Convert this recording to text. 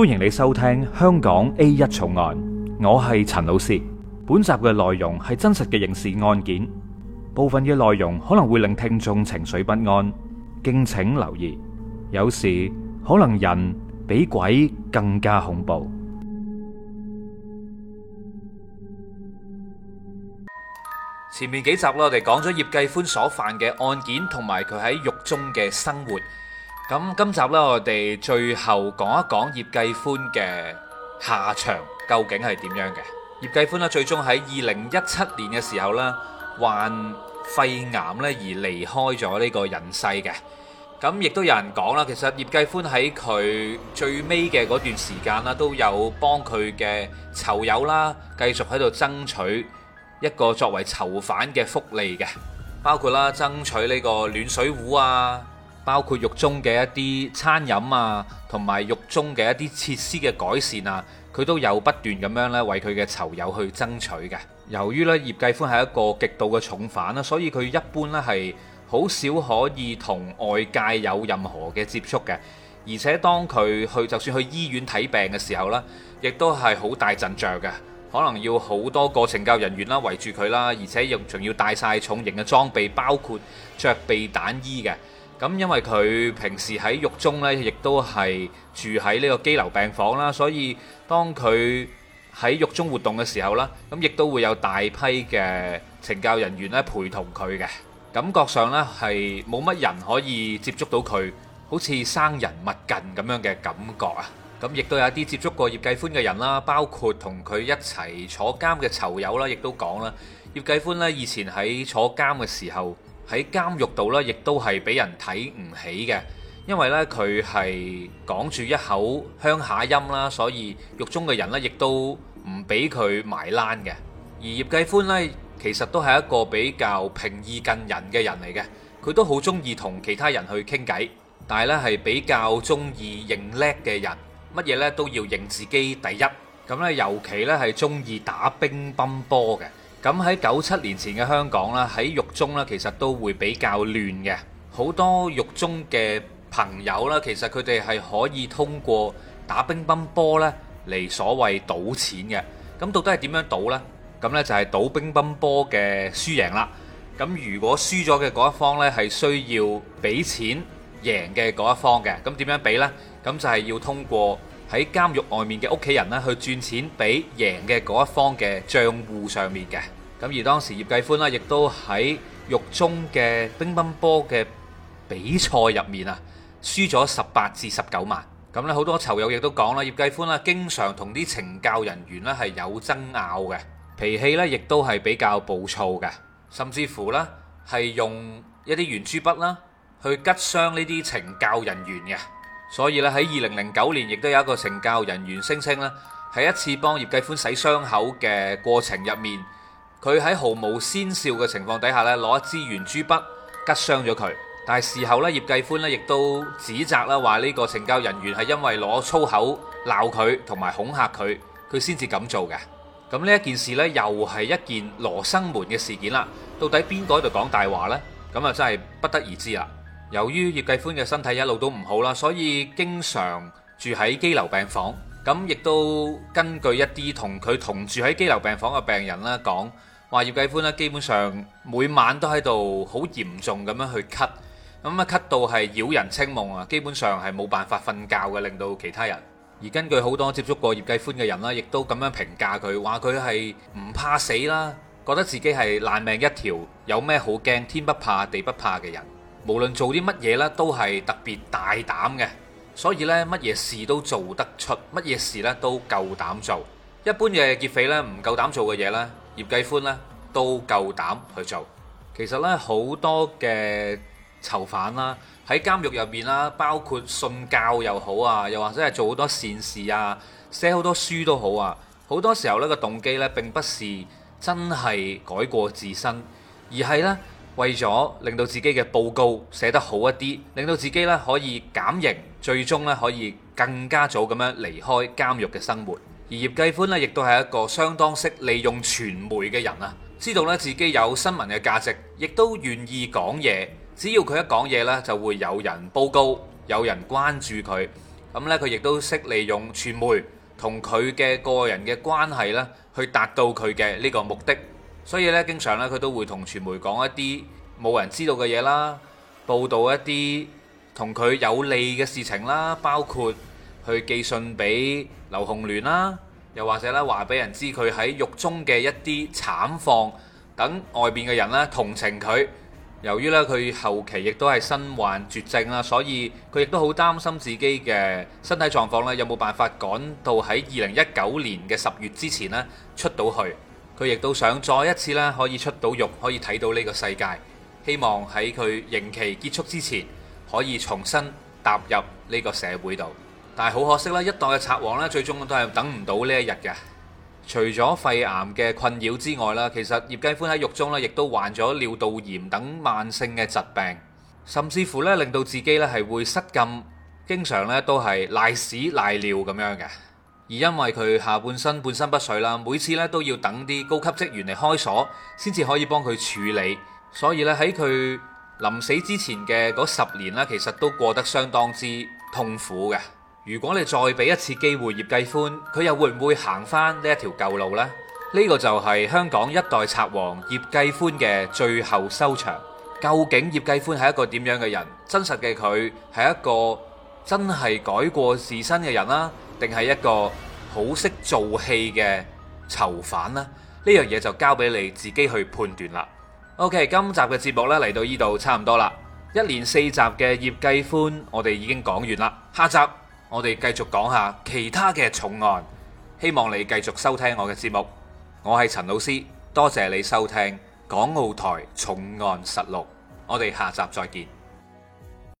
歡迎你收聽《香港 A 一重案》，我係陳老師。本集嘅內容係真實嘅刑事案件，部分嘅內容可能會令聽眾情緒不安，敬請留意。有時可能人比鬼更加恐怖。前面幾集咧，我哋講咗葉繼歡所犯嘅案件，同埋佢喺獄中嘅生活。咁今集呢，我哋最後講一講葉繼歡嘅下場究竟係點樣嘅？葉繼歡呢，最終喺二零一七年嘅時候呢，患肺癌呢而離開咗呢個人世嘅。咁亦都有人講啦，其實葉繼歡喺佢最尾嘅嗰段時間啦，都有幫佢嘅囚友啦，繼續喺度爭取一個作為囚犯嘅福利嘅，包括啦爭取呢個暖水壺啊。包括獄中嘅一啲餐飲啊，同埋獄中嘅一啲設施嘅改善啊，佢都有不斷咁樣咧為佢嘅囚友去爭取嘅。由於咧葉繼歡係一個極度嘅重犯啦，所以佢一般咧係好少可以同外界有任何嘅接觸嘅。而且當佢去就算去醫院睇病嘅時候咧，亦都係好大陣仗嘅，可能要好多個懲教人員啦圍住佢啦，而且又仲要帶晒重型嘅裝備，包括着避彈衣嘅。咁因為佢平時喺獄中咧，亦都係住喺呢個羈留病房啦，所以當佢喺獄中活動嘅時候啦，咁亦都會有大批嘅懲教人員咧陪同佢嘅，感覺上咧係冇乜人可以接觸到佢，好似生人勿近咁樣嘅感覺啊！咁亦都有一啲接觸過葉繼歡嘅人啦，包括同佢一齊坐監嘅囚友啦，亦都講啦，葉繼歡咧以前喺坐監嘅時候。喺監獄度咧，亦都係俾人睇唔起嘅，因為咧佢係講住一口鄉下音啦，所以獄中嘅人咧，亦都唔俾佢埋欄嘅。而葉繼歡咧，其實都係一個比較平易近人嘅人嚟嘅，佢都好中意同其他人去傾偈，但係咧係比較中意認叻嘅人，乜嘢咧都要認自己第一。咁咧，尤其咧係中意打乒乓波嘅。咁喺九七年前嘅香港啦，喺獄中啦，其實都會比較亂嘅。好多獄中嘅朋友啦，其實佢哋係可以通過打乒乓波咧嚟所謂賭錢嘅。咁到底係點樣賭呢？咁呢就係賭乒乓波嘅輸贏啦。咁如果輸咗嘅嗰一方呢，係需要俾錢贏嘅嗰一方嘅，咁點樣俾呢？咁就係要通過喺監獄外面嘅屋企人咧，去轉錢俾贏嘅嗰一方嘅賬戶上面嘅。咁而當時葉繼歡啦，亦都喺獄中嘅乒乓波嘅比賽入面啊，輸咗十八至十九萬。咁咧，好多囚友亦都講啦，葉繼歡啦，經常同啲懲教人員咧係有爭拗嘅，脾氣咧亦都係比較暴躁嘅，甚至乎咧係用一啲圓珠筆啦去吉傷呢啲懲教人員嘅。所以咧喺二零零九年，亦都有一個懲教人員聲稱咧，喺一次幫葉繼歡洗傷口嘅過程入面，佢喺毫無先兆嘅情況底下咧，攞一支圓珠筆吉傷咗佢。但係事後咧，葉繼歡咧亦都指責啦，話呢個懲教人員係因為攞粗口鬧佢同埋恐嚇佢，佢先至咁做嘅。咁呢一件事咧，又係一件羅生門嘅事件啦。到底邊個喺度講大話呢？咁啊，真係不得而知啊！由於葉繼歡嘅身體一路都唔好啦，所以經常住喺羈留病房，咁亦都根據一啲同佢同住喺羈留病房嘅病人啦，講，話葉繼歡基本上每晚都喺度好嚴重咁樣去咳。無論做啲乜嘢咧，都係特別大膽嘅，所以咧，乜嘢事都做得出，乜嘢事咧都夠膽做。一般嘅劫匪咧，唔夠膽做嘅嘢咧，葉繼歡咧都夠膽去做。其實咧，好多嘅囚犯啦，喺監獄入面啦，包括信教又好啊，又或者係做好多善事啊，寫好多書都好啊，好多時候呢個動機咧並不是真係改過自新，而係咧，為咗令到自己嘅報告寫得好一啲，令到自己咧可以減刑，最終咧可以更加早咁樣離開監獄嘅生活。而葉繼歡咧，亦都係一個相當識利用傳媒嘅人啊！知道咧自己有新聞嘅價值，亦都願意講嘢。只要佢一講嘢咧，就會有人報告，有人關注佢。咁咧，佢亦都識利用傳媒同佢嘅個人嘅關係咧，去達到佢嘅呢個目的。所以咧，經常咧，佢都會同傳媒講一啲冇人知道嘅嘢啦，報道一啲同佢有利嘅事情啦，包括去寄信俾劉洪聯啦，又或者咧話俾人知佢喺獄中嘅一啲慘況，等外邊嘅人咧同情佢。由於咧佢後期亦都係身患絕症啦，所以佢亦都好擔心自己嘅身體狀況咧，有冇辦法趕到喺二零一九年嘅十月之前咧出到去。佢亦都想再一次咧可以出到獄，可以睇到呢個世界。希望喺佢刑期結束之前，可以重新踏入呢個社會度。但係好可惜啦，一代嘅賊王咧，最終都係等唔到呢一日嘅。除咗肺癌嘅困擾之外啦，其實葉繼歡喺獄中咧，亦都患咗尿道炎等慢性嘅疾病，甚至乎咧令到自己咧係會失禁，經常咧都係瀨屎瀨尿咁樣嘅。而因為佢下半身半身不遂啦，每次咧都要等啲高級職員嚟開鎖，先至可以幫佢處理。所以咧喺佢臨死之前嘅嗰十年啦，其實都過得相當之痛苦嘅。如果你再俾一次機會葉繼歡，佢又會唔會行翻呢一條舊路呢？呢、呢個就係香港一代賊王葉繼歡嘅最後收場。究竟葉繼歡係一個點樣嘅人？真實嘅佢係一個真係改過自新嘅人啦、啊。定係一個好識做戲嘅囚犯呢？呢樣嘢就交俾你自己去判斷啦。OK，今集嘅節目呢，嚟到呢度差唔多啦。一連四集嘅葉繼歡，我哋已經講完啦。下集我哋繼續講下其他嘅重案。希望你繼續收聽我嘅節目。我係陳老師，多謝你收聽《港澳台重案實錄》。我哋下集再見。